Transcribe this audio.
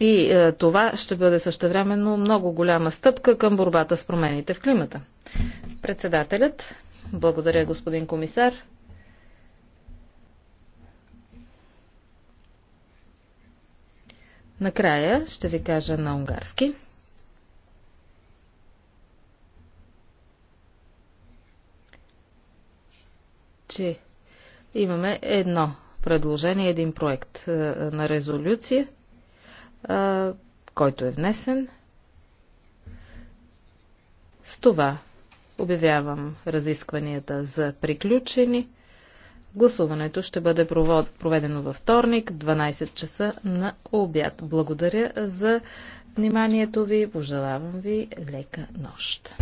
И е, това ще бъде същевременно много голяма стъпка към борбата с промените в климата. Председателят, благодаря господин комисар. Накрая ще ви кажа на унгарски. че имаме едно предложение, един проект е, на резолюция – който е внесен. С това обявявам разискванията за приключени. Гласуването ще бъде проведено във вторник в 12 часа на обяд. Благодаря за вниманието ви. Пожелавам ви лека нощ.